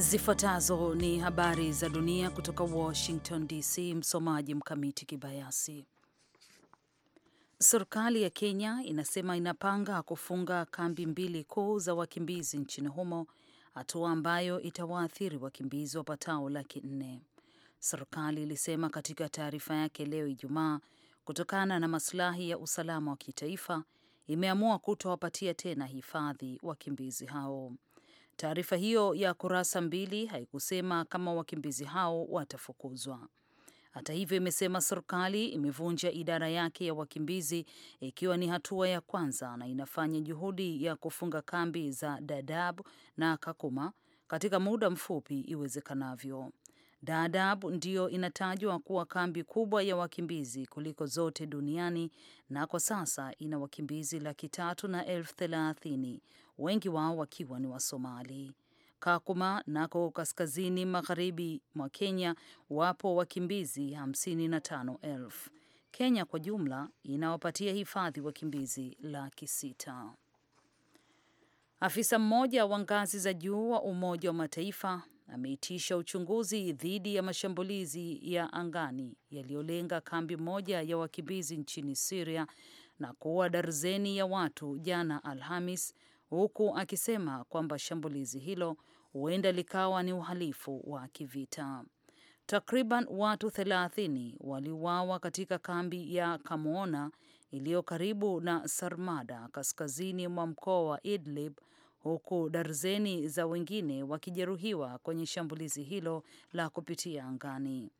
Zifuatazo ni habari za dunia kutoka Washington DC. Msomaji Mkamiti Kibayasi. Serikali ya Kenya inasema inapanga kufunga kambi mbili kuu za wakimbizi nchini humo, hatua ambayo itawaathiri wakimbizi wapatao laki nne. Serikali ilisema katika taarifa yake leo Ijumaa, kutokana na masilahi ya usalama wa kitaifa, imeamua kutowapatia tena hifadhi wakimbizi hao. Taarifa hiyo ya kurasa mbili haikusema kama wakimbizi hao watafukuzwa. Hata hivyo, imesema serikali imevunja idara yake ya wakimbizi ikiwa ni hatua ya kwanza, na inafanya juhudi ya kufunga kambi za Dadaab na Kakuma katika muda mfupi iwezekanavyo. Dadaab ndiyo inatajwa kuwa kambi kubwa ya wakimbizi kuliko zote duniani na kwa sasa ina wakimbizi laki tatu na elfu thelathini, wengi wao wakiwa ni Wasomali. Kakuma nako kaskazini magharibi mwa Kenya wapo wakimbizi hamsini na tano elfu. Kenya kwa jumla inawapatia hifadhi wakimbizi laki sita. Afisa mmoja wa ngazi za juu wa Umoja wa Mataifa ameitisha uchunguzi dhidi ya mashambulizi ya angani yaliyolenga kambi moja ya wakimbizi nchini siria na kuua darzeni ya watu jana Alhamis, huku akisema kwamba shambulizi hilo huenda likawa ni uhalifu wa kivita. Takriban watu 30 waliuawa katika kambi ya kamona iliyo karibu na Sarmada kaskazini mwa mkoa wa Idlib huku darzeni za wengine wakijeruhiwa kwenye shambulizi hilo la kupitia angani.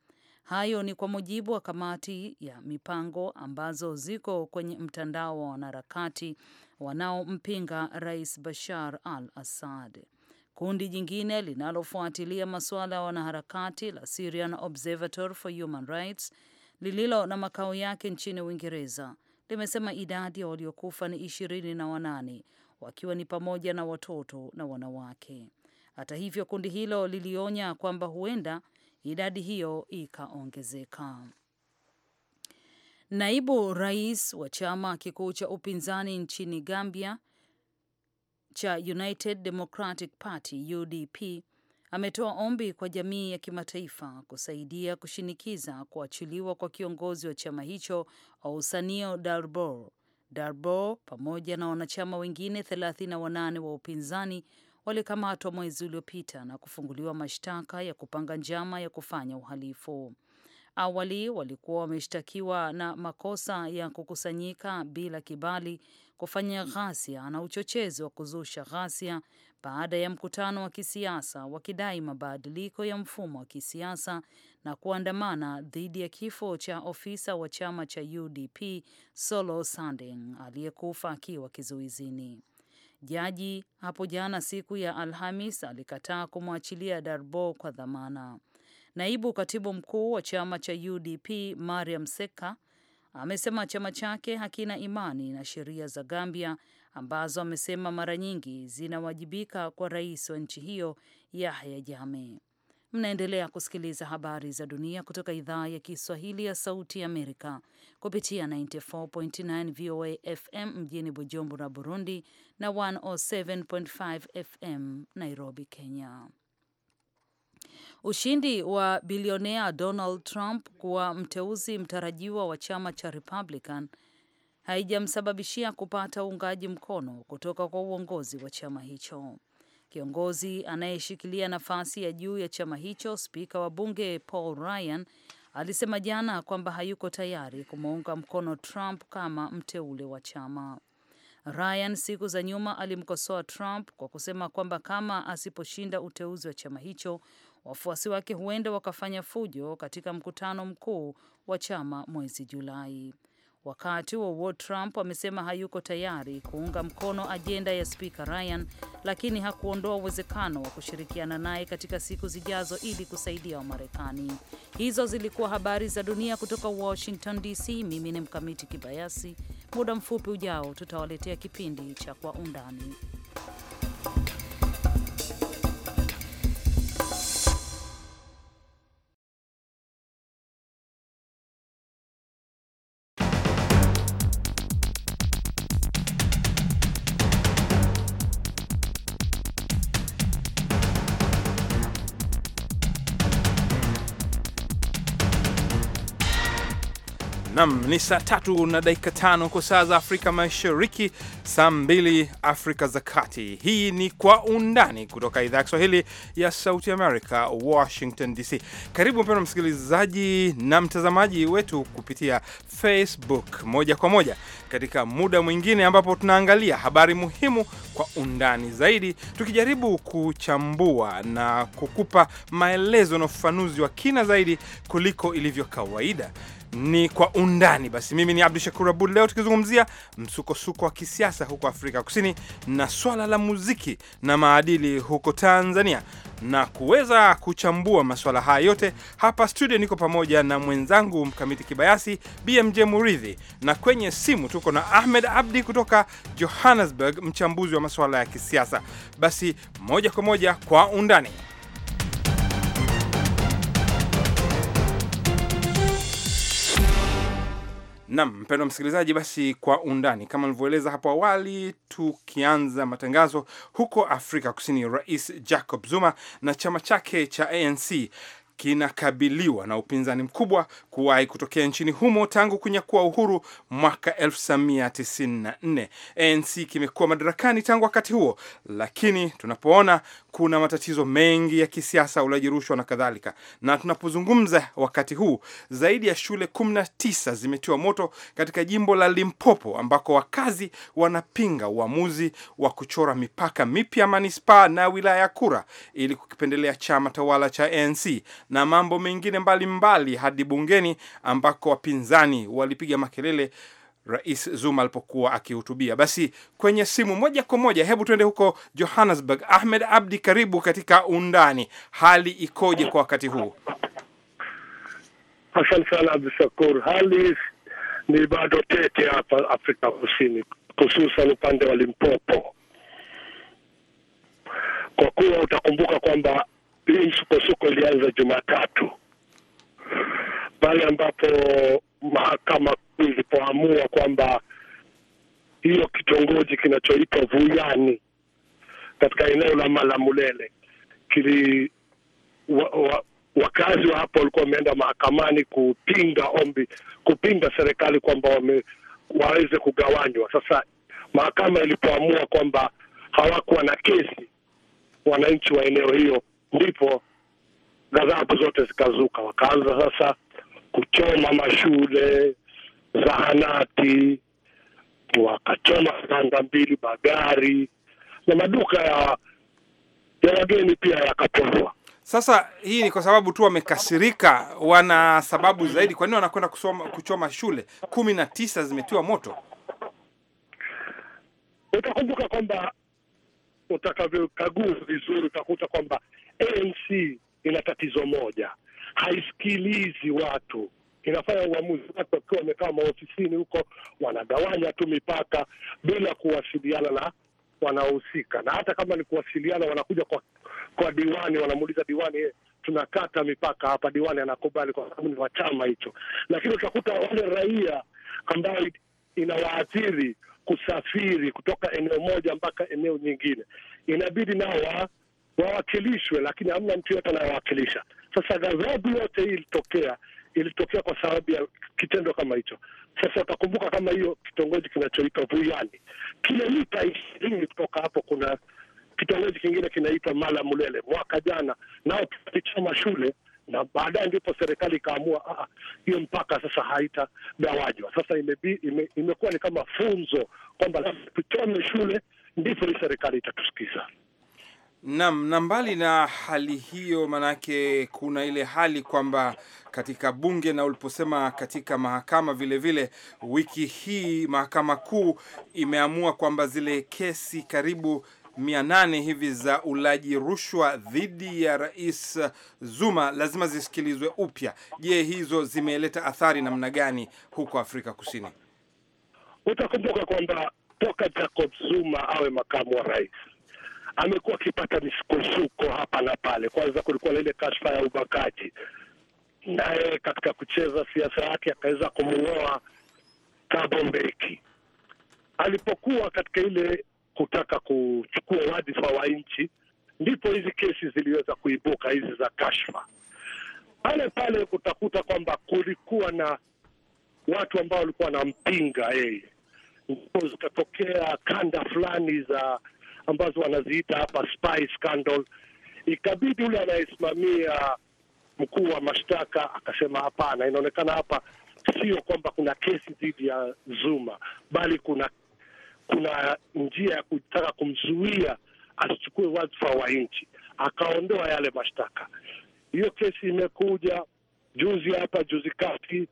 Hayo ni kwa mujibu wa kamati ya mipango ambazo ziko kwenye mtandao wa wanaharakati wanaompinga Rais Bashar al-Assad. Kundi jingine linalofuatilia masuala ya wanaharakati la Syrian Observatory for Human Rights lililo na makao yake nchini Uingereza limesema idadi ya waliokufa ni ishirini na wanane wakiwa ni pamoja na watoto na wanawake. Hata hivyo, kundi hilo lilionya kwamba huenda idadi hiyo ikaongezeka. Naibu rais wa chama kikuu cha upinzani nchini Gambia cha United Democratic Party UDP ametoa ombi kwa jamii ya kimataifa kusaidia kushinikiza kuachiliwa kwa kiongozi wa chama hicho Ausanio Darboe Darbo pamoja na wanachama wengine 38 wa upinzani walikamatwa mwezi uliopita na kufunguliwa mashtaka ya kupanga njama ya kufanya uhalifu. Awali walikuwa wameshtakiwa na makosa ya kukusanyika bila kibali, kufanya ghasia na uchochezi wa kuzusha ghasia baada ya mkutano wa kisiasa, wakidai mabadiliko ya mfumo wa kisiasa na kuandamana dhidi ya kifo cha ofisa wa chama cha UDP Solo Sanding aliyekufa akiwa kizuizini. Jaji hapo jana siku ya Alhamis alikataa kumwachilia Darbo kwa dhamana. Naibu katibu mkuu wa chama cha UDP Mariam Seka amesema chama chake hakina imani na sheria za Gambia ambazo amesema mara nyingi zinawajibika kwa rais wa nchi hiyo Yahya Jammeh. Mnaendelea kusikiliza habari za dunia kutoka idhaa ya Kiswahili ya Sauti ya Amerika kupitia 94.9 VOA FM mjini Bujumbura, Burundi na 107.5 FM Nairobi, Kenya. Ushindi wa bilionea Donald Trump kuwa mteuzi mtarajiwa wa chama cha Republican haijamsababishia kupata uungaji mkono kutoka kwa uongozi wa chama hicho. Kiongozi anayeshikilia nafasi ya juu ya chama hicho, spika wa bunge Paul Ryan alisema jana kwamba hayuko tayari kumuunga mkono Trump kama mteule wa chama. Ryan siku za nyuma alimkosoa Trump kwa kusema kwamba kama asiposhinda uteuzi wa chama hicho, wafuasi wake huenda wakafanya fujo katika mkutano mkuu wa chama mwezi Julai. Wakati huo huo, Trump amesema hayuko tayari kuunga mkono ajenda ya spika Ryan, lakini hakuondoa uwezekano wa kushirikiana naye katika siku zijazo ili kusaidia Wamarekani. Hizo zilikuwa habari za dunia kutoka Washington DC. Mimi ni Mkamiti Kibayasi. Muda mfupi ujao tutawaletea kipindi cha Kwa Undani. Nam ni saa tatu na dakika tano kwa saa za Afrika Mashariki, saa mbili Afrika za Kati. Hii ni Kwa Undani kutoka idhaa ya Kiswahili ya Sauti Amerika, Washington DC. Karibu mpendwa msikilizaji na mtazamaji wetu kupitia Facebook moja kwa moja katika muda mwingine ambapo tunaangalia habari muhimu kwa undani zaidi, tukijaribu kuchambua na kukupa maelezo na ufafanuzi wa kina zaidi kuliko ilivyo kawaida. Ni kwa undani. Basi mimi ni Abdu Shakur Abud, leo tukizungumzia msukosuko wa kisiasa huko Afrika Kusini na swala la muziki na maadili huko Tanzania, na kuweza kuchambua masuala haya yote hapa studio, niko pamoja na mwenzangu Mkamiti Kibayasi, BMJ Muridhi, na kwenye simu tuko na Ahmed Abdi kutoka Johannesburg, mchambuzi wa masuala ya kisiasa. Basi moja kwa moja kwa undani Nam mpendwa msikilizaji, basi kwa undani kama nilivyoeleza hapo awali, tukianza matangazo, huko Afrika Kusini, Rais Jacob Zuma na chama chake cha ANC kinakabiliwa na upinzani mkubwa kuwahi kutokea nchini humo tangu kunyakua uhuru mwaka 1994. ANC kimekuwa madarakani tangu wakati huo, lakini tunapoona kuna matatizo mengi ya kisiasa, ulaji rushwa na kadhalika, na tunapozungumza wakati huu zaidi ya shule 19 zimetiwa moto katika jimbo la Limpopo ambako wakazi wanapinga uamuzi wa kuchora mipaka mipya manispaa na wilaya ya Kura ili kukipendelea chama tawala cha ANC na mambo mengine mbalimbali mbali, hadi bungeni ambako wapinzani walipiga makelele Rais Zuma alipokuwa akihutubia. Basi kwenye simu moja kwa moja, hebu tuende huko Johannesburg. Ahmed Abdi, karibu katika Undani. Hali ikoje kwa wakati huu? Asante sana Abdushakur. Hali ni bado tete hapa Afrika Kusini, hususan upande wa Limpopo, kwa kuwa utakumbuka kwamba hii msukosuko ilianza Jumatatu pale ambapo mahakama kuu ilipoamua kwamba hiyo kitongoji kinachoitwa Vuyani katika eneo la Malamulele kili wa, wa, wakazi wa hapo walikuwa wameenda mahakamani kupinga ombi, kupinga serikali kwamba wame, waweze kugawanywa. Sasa mahakama ilipoamua kwamba hawakuwa na kesi, wananchi wa eneo hiyo ndipo ghadhabu zote zikazuka, wakaanza sasa kuchoma mashule, zahanati, wakachoma kanda mbili, magari na maduka ya ya wageni pia yakachomwa. Sasa hii ni kwa sababu tu wamekasirika, wana sababu zaidi. Kwa nini wanakwenda kuchoma shule kumi na tisa zimetiwa moto? Utakumbuka kwamba utakavyokagua vizuri utakuta kwamba ANC ina tatizo moja, haisikilizi watu, inafanya uamuzi watu wakiwa wamekaa maofisini huko, wanagawanya tu mipaka bila kuwasiliana na wanaohusika, na hata kama ni kuwasiliana, wanakuja kwa kwa diwani, wanamuuliza diwani tunakata mipaka hapa, diwani anakubali kwa sababu ni wa chama hicho, lakini utakuta wale raia ambayo inawaathiri kusafiri kutoka eneo moja mpaka eneo nyingine, inabidi nao wawakilishwe, lakini hamna mtu yote anayewakilisha. Sasa ghadhabu yote hii ilitokea ilitokea kwa sababu ya kitendo kama hicho. Sasa utakumbuka kama hiyo kitongoji kinachoitwa Vuyani, kilomita ishirini kutoka hapo kuna kitongoji kingine kinaitwa Mala Mulele. Mwaka jana nao tulichoma shule na baadaye ndipo serikali ikaamua ah, ah, hiyo mpaka sasa haitagawanywa. Sasa imekuwa ime, imekuwa ni kama funzo kwamba lazima tuchome shule, ndipo hii serikali itatusikiza. Naam, na mbali na hali hiyo, maanake kuna ile hali kwamba katika bunge na uliposema katika mahakama vilevile vile, wiki hii mahakama kuu imeamua kwamba zile kesi karibu 800 hivi za ulaji rushwa dhidi ya Rais Zuma lazima zisikilizwe upya. Je, hizo zimeleta athari namna gani huko Afrika Kusini? Utakumbuka kwamba toka Jacob Zuma awe makamu wa rais amekuwa akipata misukosuko hapa na pale. Kwanza kulikuwa na ile kashfa ya ubakaji, naye katika kucheza siasa yake akaweza kumng'oa Thabo Mbeki alipokuwa katika ile kutaka kuchukua wadhifa wa nchi, ndipo hizi kesi ziliweza kuibuka hizi za kashfa. Pale pale kutakuta kwamba kulikuwa na watu ambao walikuwa wanampinga yeye, ndipo zikatokea kanda fulani za ambazo wanaziita hapa spy scandal. Ikabidi yule anayesimamia mkuu wa mashtaka akasema, hapana, inaonekana hapa sio kwamba kuna kesi dhidi ya Zuma, bali kuna kuna njia ya kutaka kumzuia asichukue wadhifa wa nchi, akaondoa yale mashtaka. Hiyo kesi imekuja juzi hapa juzi kati,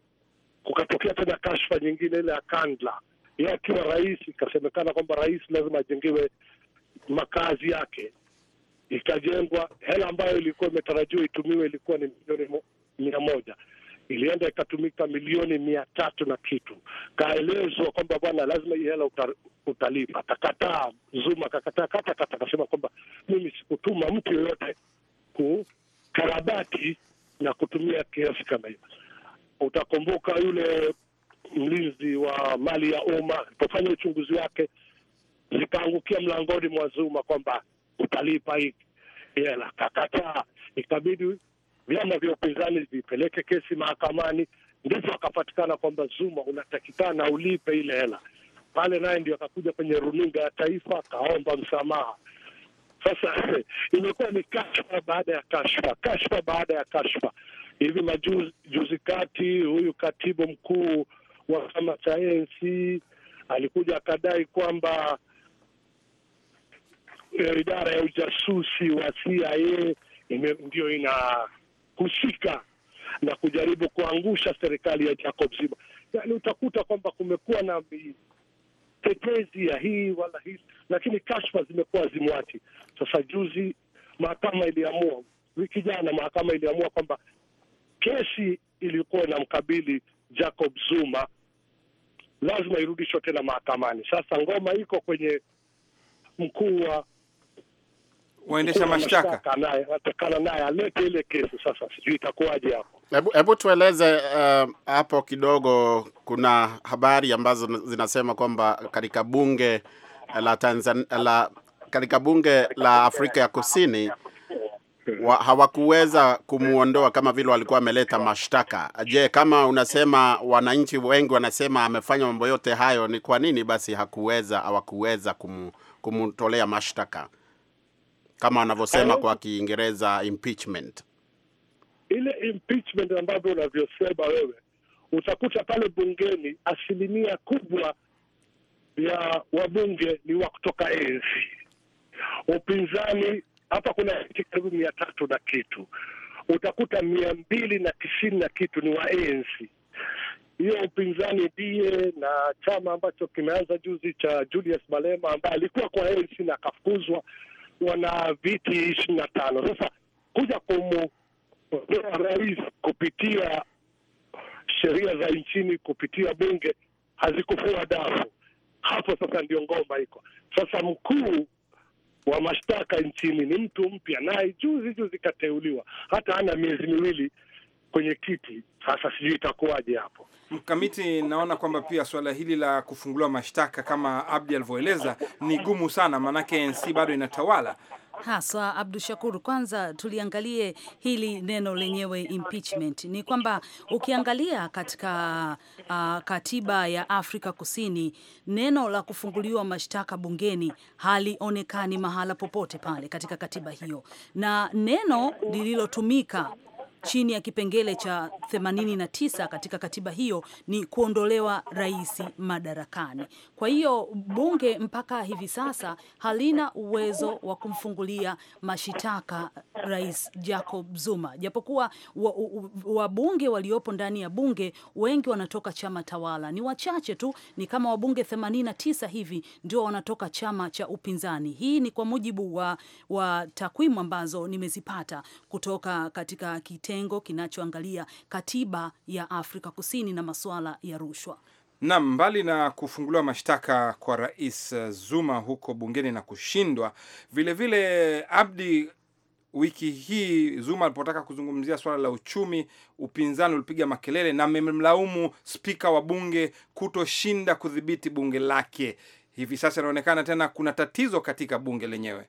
kukatokea tena kashfa nyingine ile ya Kandla, yeye akiwa rais, ikasemekana kwamba rais lazima ajengiwe makazi yake, ikajengwa. Hela ambayo ilikuwa imetarajiwa itumiwe ilikuwa ni milioni mia moja ilienda ikatumika milioni mia tatu na kitu. Kaelezwa kwamba bwana, lazima hii hela kutalipa. Akakataa, Zuma akakataa kata, akasema kwamba mimi sikutuma mtu yoyote kukarabati na kutumia kiasi kama hivyo. Utakumbuka yule mlinzi wa mali ya umma alipofanya uchunguzi wake, zikaangukia mlangoni mwa Zuma kwamba utalipa hii hela, kakataa. Ikabidi vyama vya upinzani vipeleke kesi mahakamani, ndipo akapatikana kwamba Zuma unatakikana ulipe ile hela pale, naye ndio akakuja kwenye runinga ya taifa akaomba msamaha. Sasa imekuwa ni kashfa baada ya kashfa, kashfa baada ya kashfa. Hivi majuzi juzi kati, huyu katibu mkuu wa chama cha ANC alikuja akadai kwamba eh, idara ya ujasusi wa CIA ndiyo inahusika na kujaribu kuangusha serikali ya Jacob Zuma. Yani utakuta kwamba kumekuwa na tetezi ya hii wala hii, lakini kashfa zimekuwa zimwati Sasa juzi mahakama iliamua, wiki jana mahakama iliamua kwamba kesi ilikuwa inamkabili Jacob Zuma lazima irudishwe tena mahakamani. Sasa ngoma iko kwenye mkuu wa waendesha mashtaka, naye atakana naye alete ile kesi. Sasa sijui itakuwaje hapo. Hebu hebu tueleze uh, hapo kidogo. Kuna habari ambazo zinasema kwamba katika bunge eh, la Tanzania, la katika bunge la Afrika ya Kusini hawakuweza kumuondoa kama vile walikuwa wameleta mashtaka. Je, kama unasema wananchi wengi wanasema amefanya mambo yote hayo, ni kwa nini basi hakuweza hawakuweza kum, kumtolea mashtaka kama wanavyosema kwa Kiingereza impeachment? ile impeachment ambavyo unavyosema wewe, utakuta pale bungeni asilimia kubwa ya wabunge ni wa kutoka enzi upinzani. Hapa kuna viti karibu mia tatu na kitu, utakuta mia mbili na tisini na kitu ni wa hiyo. Upinzani ndiye na chama ambacho kimeanza juzi cha Julius Malema ambaye alikuwa kwa enzi na akafukuzwa, wana viti ishirini na tano. Sasa kuja kumu ondoa rais kupitia sheria za nchini, kupitia bunge hazikufua dafu. Hapo sasa ndio ngoma iko sasa. Mkuu wa mashtaka nchini ni mtu mpya, naye juzi juzi kateuliwa, hata ana miezi miwili kwenye kiti. Sasa sijui itakuwaje hapo. Mkamiti, naona kwamba pia suala hili la kufunguliwa mashtaka kama Abdi alivyoeleza ni gumu sana, maanake NC bado inatawala haswa, Abdu Shakur. Kwanza tuliangalie hili neno lenyewe impeachment. Ni kwamba ukiangalia katika uh, katiba ya Afrika Kusini neno la kufunguliwa mashtaka bungeni halionekani mahala popote pale katika katiba hiyo, na neno lililotumika chini ya kipengele cha 89 katika katiba hiyo ni kuondolewa rais madarakani. Kwa hiyo bunge mpaka hivi sasa halina uwezo wa kumfungulia mashitaka rais Jacob Zuma, japokuwa wabunge wa, wa waliopo ndani ya bunge wengi wanatoka chama tawala. Ni wachache tu, ni kama wabunge 89 hivi ndio wanatoka chama cha upinzani. Hii ni kwa mujibu wa, wa takwimu ambazo nimezipata kutoka katika kiti kitengo kinachoangalia katiba ya Afrika Kusini na masuala ya rushwa. Nam, mbali na kufunguliwa mashtaka kwa Rais Zuma huko bungeni na kushindwa vilevile, Abdi wiki hii Zuma alipotaka kuzungumzia swala la uchumi, upinzani ulipiga makelele na amemlaumu spika wa bunge kutoshinda kudhibiti bunge lake. Hivi sasa inaonekana tena kuna tatizo katika bunge lenyewe.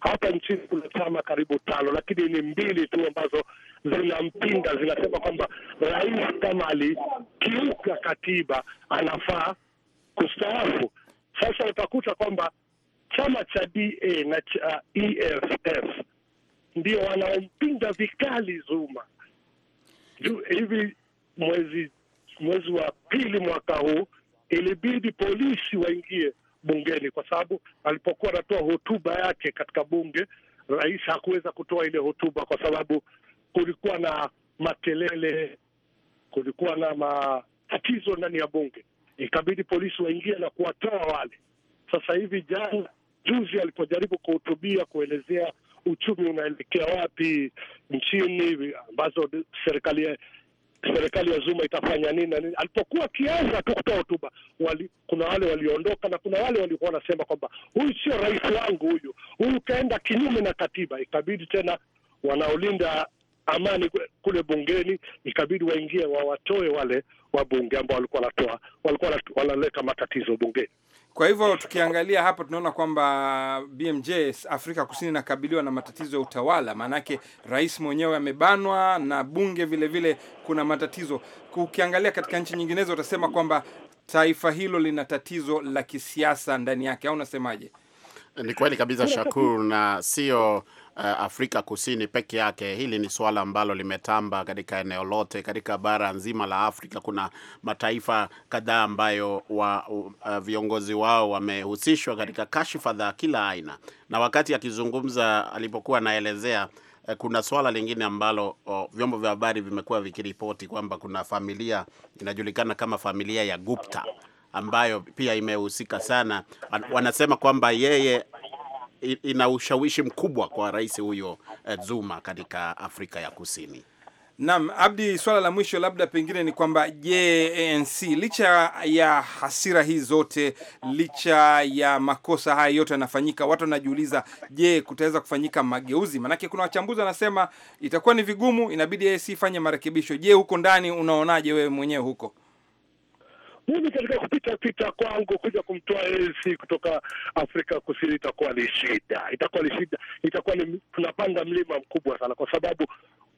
Hapa nchini kuna chama karibu tano, lakini ni mbili tu ambazo zinampinga, zinasema kwamba rais kama alikiuka katiba anafaa kustaafu. Sasa utakuta kwamba chama cha DA na cha EFF ndio wanaompinga vikali Zuma. Hivi mwezi mwezi wa pili mwaka huu ilibidi polisi waingie bungeni, kwa sababu alipokuwa anatoa hotuba yake katika bunge, rais hakuweza kutoa ile hotuba kwa sababu kulikuwa na makelele, kulikuwa na matatizo ndani ya bunge, ikabidi polisi waingie na kuwatoa wale. Sasa hivi jana juzi alipojaribu kuhutubia kuelezea uchumi unaelekea wapi nchini, ambazo serikali serikali ya Zuma itafanya nini na nini. Alipokuwa akianza tu kutoa hotuba, kuna wale waliondoka na kuna wale walikuwa wanasema kwamba huyu sio rais wangu, huyu huyu kaenda kinyume na katiba. Ikabidi tena wanaolinda amani kule bungeni ikabidi waingie wawatoe wale wabunge ambao walikuwa wanatoa walikuwa wanaleta matatizo bungeni. Kwa hivyo tukiangalia hapo tunaona kwamba BMJ Afrika Kusini inakabiliwa na matatizo ya utawala, maanake rais mwenyewe amebanwa na bunge vilevile vile kuna matatizo. Ukiangalia katika nchi nyinginezo utasema kwamba taifa hilo lina tatizo la kisiasa ndani yake, au unasemaje? Ni kweli kabisa shakuru na sio Eh, Afrika Kusini peke yake. Hili ni suala ambalo limetamba katika eneo lote, katika bara nzima la Afrika. Kuna mataifa kadhaa ambayo wa, uh, viongozi wao wamehusishwa katika kashfa za kila aina, na wakati akizungumza alipokuwa anaelezea eh, kuna swala lingine ambalo oh, vyombo vya habari vimekuwa vikiripoti kwamba kuna familia inajulikana kama familia ya Gupta ambayo pia imehusika sana. Wanasema kwamba yeye ina ushawishi mkubwa kwa rais huyo eh, Zuma katika Afrika ya Kusini. Naam, Abdi, swala la mwisho labda pengine ni kwamba je, ANC licha ya hasira hii zote, licha ya makosa haya yote yanafanyika, watu wanajiuliza, je, kutaweza kufanyika mageuzi? Maanake kuna wachambuzi wanasema itakuwa ni vigumu, inabidi ANC ifanye marekebisho. Je, huko ndani unaonaje wewe mwenyewe huko? mimi katika kupita pita kwangu kuja kumtoa ANC kutoka Afrika Kusini itakuwa ni shida, itakuwa ni shida, itakuwa ni tunapanda mlima mkubwa sana, kwa sababu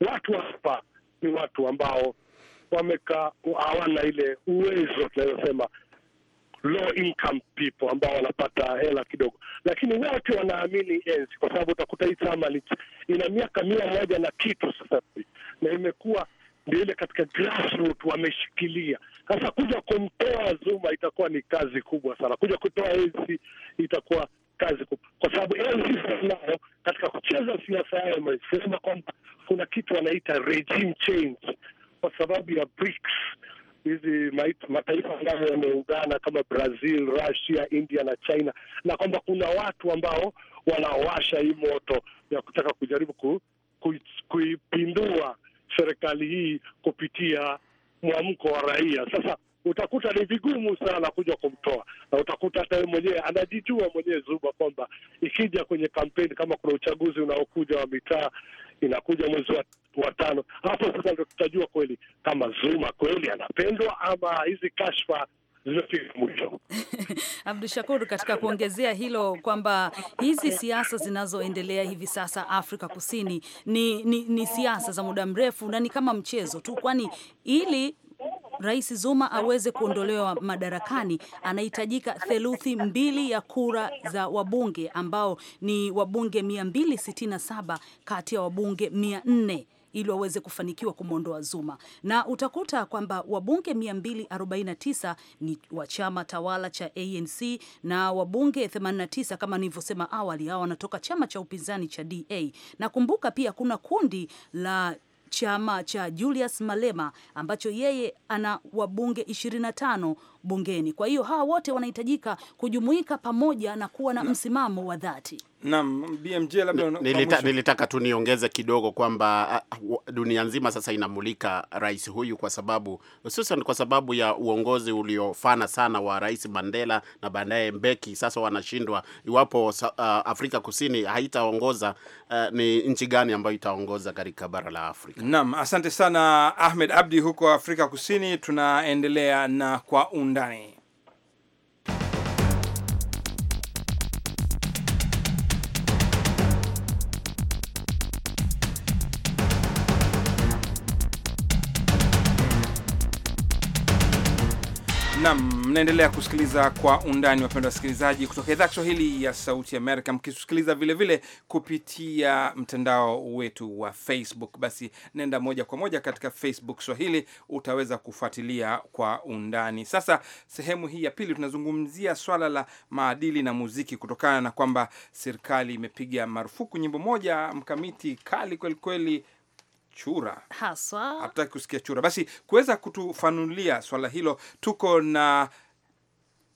watu hapa ni watu ambao wamekaa hawana ile uwezo tunayosema low income people ambao wanapata hela kidogo, lakini wote wanaamini ANC kwa sababu utakuta hii chama ina miaka mia moja na kitu sasa hivi, na imekuwa ndio ile katika grassroots wameshikilia sasa kuja kumtoa Zuma itakuwa ni kazi kubwa sana, kuja kutoa ANC itakuwa kazi kubwa, kwa sababu ANC nao katika kucheza siasa yao wamesema kwamba kuna kitu wanaita regime change kwa sababu ya BRICS, hizi mataifa ambayo yameungana kama Brazil, Russia, India na China, na kwamba kuna watu ambao wanawasha hii moto ya kutaka kujaribu ku, ku, kuipindua serikali hii kupitia mwamko wa raia. Sasa utakuta ni vigumu sana kuja kumtoa, na utakuta hata yeye mwenyewe anajijua mwenyewe Zuba kwamba ikija kwenye kampeni, kama kuna uchaguzi unaokuja wa mitaa, inakuja mwezi wa, wa tano, hapo sasa ndo tutajua kweli kama Zuma kweli anapendwa ama hizi kashfa Abdu Shakur, katika kuongezea hilo kwamba hizi siasa zinazoendelea hivi sasa Afrika Kusini ni, ni, ni siasa za muda mrefu na ni kama mchezo tu, kwani ili Rais Zuma aweze kuondolewa madarakani anahitajika theluthi mbili ya kura za wabunge ambao ni wabunge 267 kati ya wabunge 400 ili waweze kufanikiwa kumwondoa Zuma, na utakuta kwamba wabunge 249 ni wa chama tawala cha ANC na wabunge 89 kama nilivyosema awali, hao wanatoka chama cha upinzani cha DA, na kumbuka pia kuna kundi la chama cha Julius Malema ambacho yeye ana wabunge 25 bungeni. Kwa hiyo hawa wote wanahitajika kujumuika pamoja na kuwa na msimamo wa dhati. Naam, BMJ labda nilita, nilitaka tu niongeze kidogo kwamba dunia nzima sasa inamulika rais huyu kwa sababu hususan kwa sababu ya uongozi uliofana sana wa Rais Mandela na baadaye Mbeki. Sasa wanashindwa iwapo uh, Afrika Kusini haitaongoza uh, ni nchi gani ambayo itaongoza katika bara la Afrika. Naam, asante sana Ahmed Abdi huko Afrika Kusini. Tunaendelea na kwa unda undani. Nam Mnaendelea kusikiliza kwa undani, wapendwa wasikilizaji, kutoka idhaa Kiswahili ya Sauti Amerika, mkisikiliza vilevile kupitia mtandao wetu wa Facebook. Basi nenda moja kwa moja katika Facebook Swahili, utaweza kufuatilia kwa undani. Sasa sehemu hii ya pili, tunazungumzia swala la maadili na muziki, kutokana na kwamba serikali imepiga marufuku nyimbo moja mkamiti kali kwelikweli chura haswa, hatutaki kusikia chura. Basi kuweza kutufanulia swala hilo, tuko na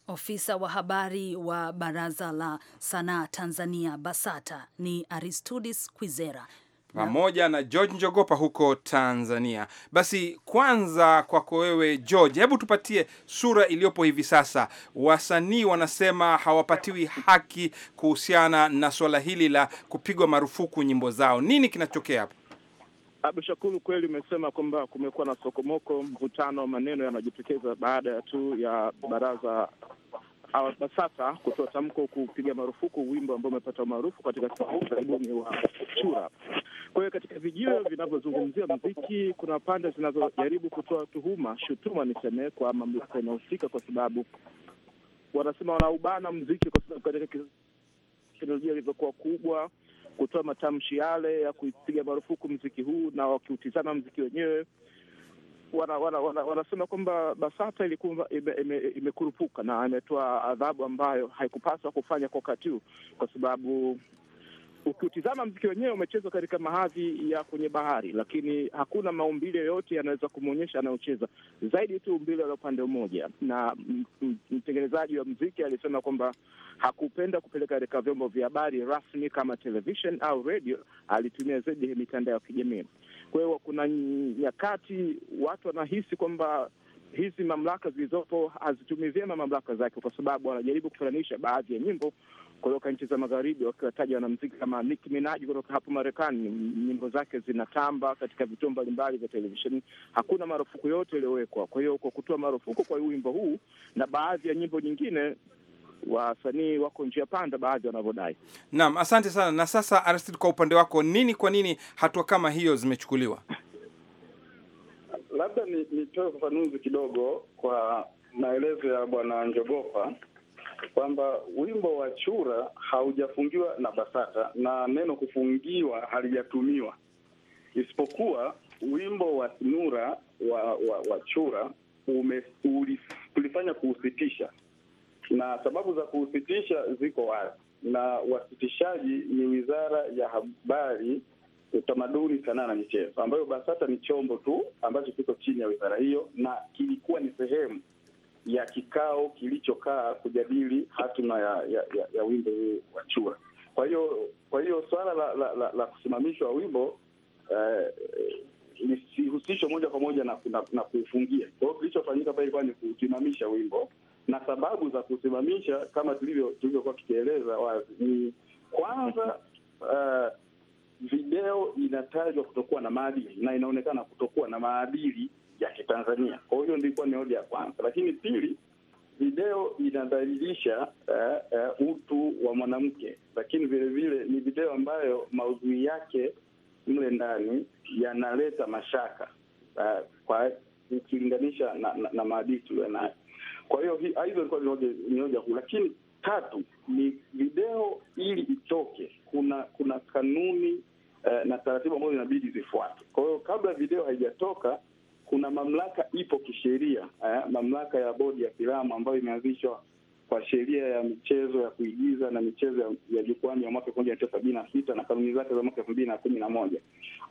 ofisa wa habari wa Baraza la Sanaa Tanzania BASATA ni Aristudis Kwizera pamoja na George Njogopa huko Tanzania. Basi kwanza kwako wewe George, hebu tupatie sura iliyopo hivi sasa. Wasanii wanasema hawapatiwi haki kuhusiana na swala hili la kupigwa marufuku nyimbo zao. Nini kinachokea hapo? Abdu Shakuru, kweli umesema kwamba kumekuwa na sokomoko, mvutano, maneno yanajitokeza baada ya tu ya baraza BASATA kutoa tamko kupiga marufuku wimbo ambao umepata umaarufu katika siku karibuni wa Chura. Kwa hiyo katika vijio vinavyozungumzia mziki, kuna pande zinazojaribu kutoa tuhuma, shutuma niseme, kwa mamlaka inahusika, kwa sababu wanasema wanaubana mziki, kwa sababu katika teknolojia ilivyokuwa kubwa kutoa matamshi yale ya kuipiga marufuku mziki huu, na wakiutizama mziki wenyewe wanasema wana, wana, wana kwamba BASATA ilikuwa imekurupuka ime, ime na ametoa adhabu ambayo haikupaswa kufanya kwa wakati huu, kwa sababu Ukiutizama mziki wenyewe umechezwa katika mahadhi ya kwenye bahari, lakini hakuna maumbile yoyote yanaweza kumwonyesha anayocheza zaidi tu umbile la upande mmoja. Na mtengenezaji wa mziki alisema kwamba hakupenda kupeleka katika vyombo vya habari rasmi kama television au radio, alitumia zaidi mitandao ya kijamii. Kwa hiyo kuna nyakati watu wanahisi kwamba hizi mamlaka zilizopo hazitumii vyema mamlaka zake, kwa sababu wanajaribu kufananisha baadhi ya nyimbo kutoka nchi za magharibi wakiwataja wanamziki kama Nicki Minaj kutoka hapa Marekani. Nyimbo zake zinatamba katika vituo mbalimbali vya televisheni. Hakuna marufuku yote iliyowekwa. Kwa hiyo kwa kutoa marufuku kwa wimbo huu na baadhi ya nyimbo nyingine, wasanii wako njia panda, baadhi wanavyodai. Naam, asante sana. Na sasa Aristid, kwa upande wako nini, kwa nini hatua kama hiyo zimechukuliwa? Labda nitoe ni ufafanuzi kidogo kwa maelezo ya Bwana Njogopa kwamba wimbo wa chura haujafungiwa na BASATA na neno kufungiwa halijatumiwa, isipokuwa wimbo wa nura wa, wa, wa chura ume, tulifanya kuusitisha, na sababu za kuusitisha ziko wazi, na wasitishaji ni Wizara ya Habari, Utamaduni, Sanaa na Michezo, ambayo BASATA ni chombo tu ambacho kiko chini ya wizara hiyo na kilikuwa ni sehemu ya kikao kilichokaa kujadili hatima ya, ya, ya, ya wimbo huu wa Chura. Kwa hiyo kwa hiyo swala la, la, la, la kusimamishwa wimbo eh, lisihusishwe moja kwa moja na, na, na kuufungia. Kwa hiyo kilichofanyika pale ilikuwa ni kusimamisha wimbo, na sababu za kusimamisha kama tulivyokuwa tukieleza wazi ni kwanza, uh, video inatajwa kutokuwa na maadili na inaonekana kutokuwa na maadili ya Kitanzania. Kwa hiyo ndilikuwa ni hoja ya kwanza, lakini pili, video inadhalilisha uh, uh, utu wa mwanamke, lakini vilevile ni video ambayo maudhui yake mle ndani yanaleta mashaka uh, kwa ukilinganisha na, na, na maadili tulio nayo. Kwa hiyo hizo ilikuwa ni hoja kuu, lakini tatu ni video ili itoke, kuna kuna kanuni uh, na taratibu ambazo inabidi zifuate. Kwa hiyo kabla video haijatoka kuna mamlaka ipo kisheria eh, mamlaka ya bodi ya filamu ambayo imeanzishwa kwa sheria ya michezo ya kuigiza na michezo ya jukwani ya mwaka elfu moja mia tisa sabini na sita na kanuni zake za mwaka elfu mbili na kumi na moja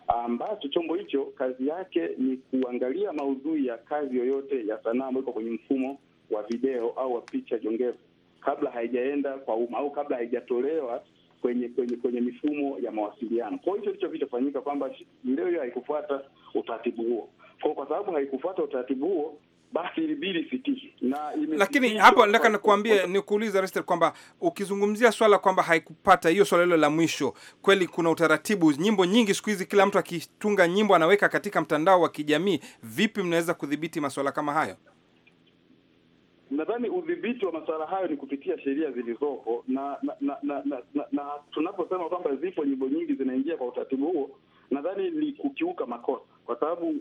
ambacho chombo hicho kazi yake ni kuangalia maudhui ya kazi yoyote ya sanaa ambayo iko kwenye mfumo wa video au wa picha jongevu kabla haijaenda kwa umma au kabla haijatolewa kwenye kwenye kwenye mifumo ya mawasiliano. Kwa hiyo hicho ndicho kilichofanyika, kwamba video hiyo haikufuata utaratibu huo. Kwa, kwa sababu haikufuata utaratibu huo basi ilibidi isitishe na ime lakini hapo nataka nikuambie nikuuliza Rester kwamba ukizungumzia swala kwamba haikupata hiyo swala hilo la mwisho, kweli kuna utaratibu. Nyimbo nyingi siku hizi kila mtu akitunga nyimbo anaweka katika mtandao wa kijamii. Vipi mnaweza kudhibiti masuala kama hayo? Nadhani udhibiti wa masuala hayo ni kupitia sheria zilizopo, na na, na, na, na, na, na tunaposema kwamba zipo nyimbo nyingi zinaingia kwa utaratibu huo nadhani ni kukiuka makosa, kwa sababu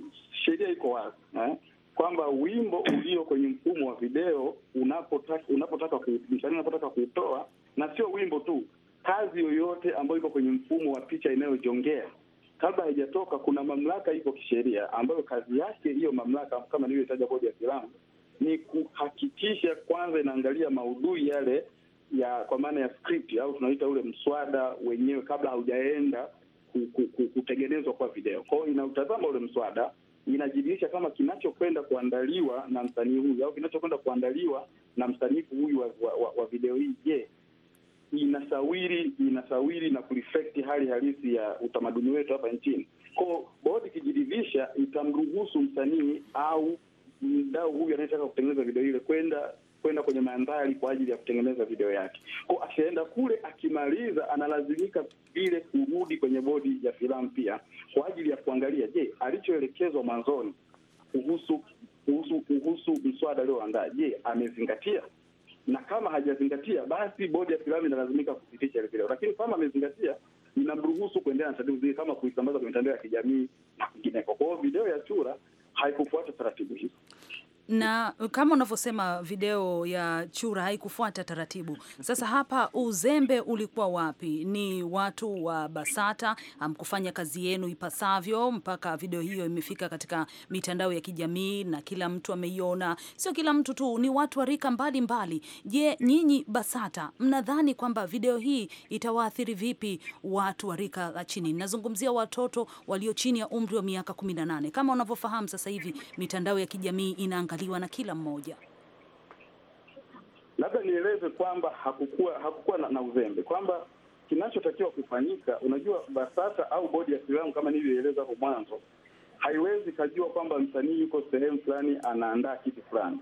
sheria iko wazi eh, kwamba wimbo ulio kwenye mfumo wa video unapotaka unapotaka msanii unapotaka kuutoa, na sio wimbo tu, kazi yoyote ambayo iko kwenye mfumo wa picha inayojongea kabla haijatoka, kuna mamlaka iko kisheria ambayo kazi yake hiyo mamlaka, kama nilivyotaja, bodi ya filamu ni kuhakikisha kwanza inaangalia maudhui yale ya kwa maana ya script au tunaita ule mswada wenyewe kabla haujaenda kutengenezwa kwa video. Kwa hiyo inautazama ule mswada inajidirisha kama kinachokwenda kuandaliwa na msanii huyu au kinachokwenda kuandaliwa na msanifu huyu wa, wa, wa video hii, je, inasawiri inasawiri na kureflect hali halisi ya utamaduni wetu hapa nchini. Kwao bodi ikijiridhisha, itamruhusu msanii au mdau huyu anayetaka kutengeneza video ile kwenda kwenda kwenye mandhari kwa ajili ya kutengeneza video yake. Kwa akienda kule, akimaliza, analazimika vile kurudi kwenye bodi ya filamu pia kwa ajili ya kuangalia, je, alichoelekezwa mwanzoni kuhusu kuhusu kuhusu mswada alioandaa, je, amezingatia? Na kama hajazingatia, basi bodi ya filamu inalazimika kupitisha ile video, lakini kama amezingatia inamruhusu kuendelea na taratibu zile kama kuisambaza kwenye mitandao ya kijamii na kwingineko. Kwa hiyo video ya chura haikufuata taratibu hizo na kama unavyosema video ya chura haikufuata taratibu. Sasa hapa uzembe ulikuwa wapi? Ni watu wa Basata hamkufanya kazi yenu ipasavyo, mpaka video hiyo imefika katika mitandao ya kijamii na kila mtu ameiona. Sio kila mtu tu, ni watu wa rika mbalimbali. Je, nyinyi Basata mnadhani kwamba video hii itawaathiri vipi watu wa rika la chini? Nazungumzia watoto walio chini ya umri wa miaka 18. Kama unavyofahamu sasa hivi mitandao ya kijamii inaangalia kukubaliwa na kila mmoja? Labda nieleze kwamba hakukuwa hakukuwa na, na uzembe kwamba kinachotakiwa kufanyika, unajua BASATA au bodi ya filamu kama nilivyoeleza hapo mwanzo, haiwezi kajua kwamba msanii yuko sehemu fulani anaandaa kitu fulani.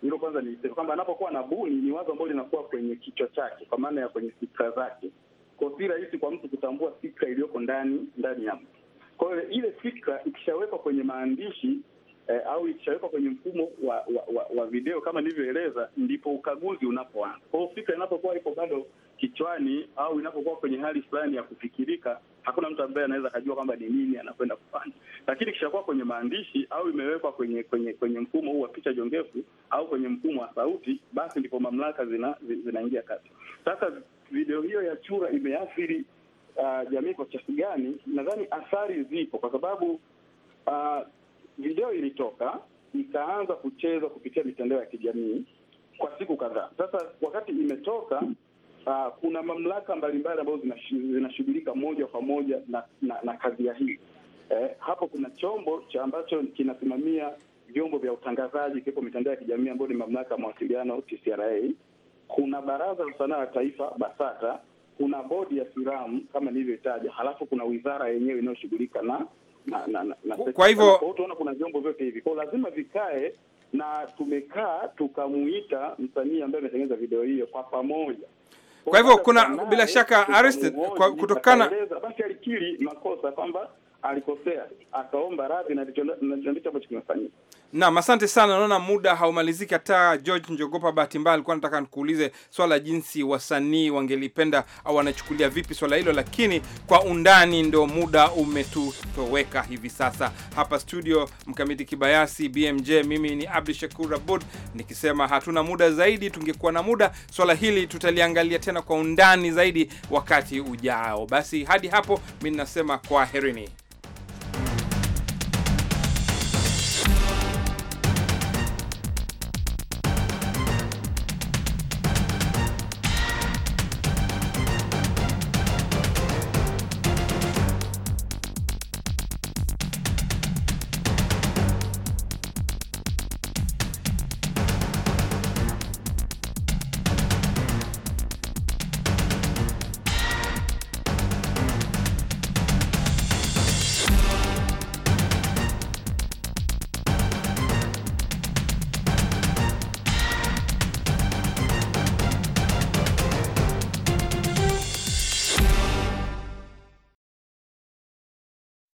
Hilo kwanza nilisema kwamba anapokuwa na buni ni wazo ambalo linakuwa kwenye kichwa chake, kwa maana ya kwenye fikra zake, kwa si rahisi kwa mtu kutambua fikra iliyoko ndani ndani ya mtu. Kwa hiyo ile fikra ikishawekwa kwenye maandishi eh, au ikishawekwa kwenye mfumo wa, wa, wa, wa video kama nilivyoeleza, ndipo ukaguzi unapoanza. Kwa hiyo fikra inapokuwa ipo bado kichwani au inapokuwa kwenye hali fulani ya kufikirika, hakuna mtu ambaye anaweza akajua kwamba ni nini anakwenda kufanya. Lakini ikishakuwa kwenye maandishi au imewekwa kwenye kwenye kwenye mfumo huu wa picha jongefu au kwenye mfumo wa sauti, basi ndipo mamlaka zinaingia zina, zina kati. Sasa video hiyo ya chura imeathiri uh, jamii kwa kiasi gani? Nadhani athari zipo kwa sababu uh, video ilitoka ikaanza kuchezwa kupitia mitandao ya kijamii kwa siku kadhaa. Sasa wakati imetoka, uh, kuna mamlaka mbalimbali ambazo zinashughulika moja kwa moja na, na, na kazi ya hii eh, hapo kuna chombo cha ambacho kinasimamia vyombo vya utangazaji ikiwepo mitandao ya kijamii ambayo ni mamlaka ya mawasiliano TCRA. Kuna baraza la sanaa la taifa BASATA, kuna bodi ya filamu kama nilivyotaja, halafu kuna wizara yenyewe inayoshughulika na na, na, na, na kwa hivyo utaona kuna vyombo vyote hivi kwa lazima vikae, na tumekaa tukamuita msanii ambaye ametengeneza video hiyo kwa pamoja. Kwa hivyo kuna bila shaka Arist, kwa kutokana basi alikiri makosa kwamba alikosea, akaomba radhi na ndicho ambacho kimefanyika. Naam, asante sana. Naona muda haumaliziki. Hata George Njogopa bahati mbaya alikuwa anataka nikuulize swala jinsi wasanii wangelipenda au wanachukulia vipi swala hilo, lakini kwa undani ndo muda umetutoweka hivi sasa hapa studio. Mkamiti Kibayasi, BMJ, mimi ni Abdu Shakur Abud nikisema hatuna muda zaidi. Tungekuwa na muda, swala hili tutaliangalia tena kwa undani zaidi wakati ujao. Basi hadi hapo mi ninasema kwaherini.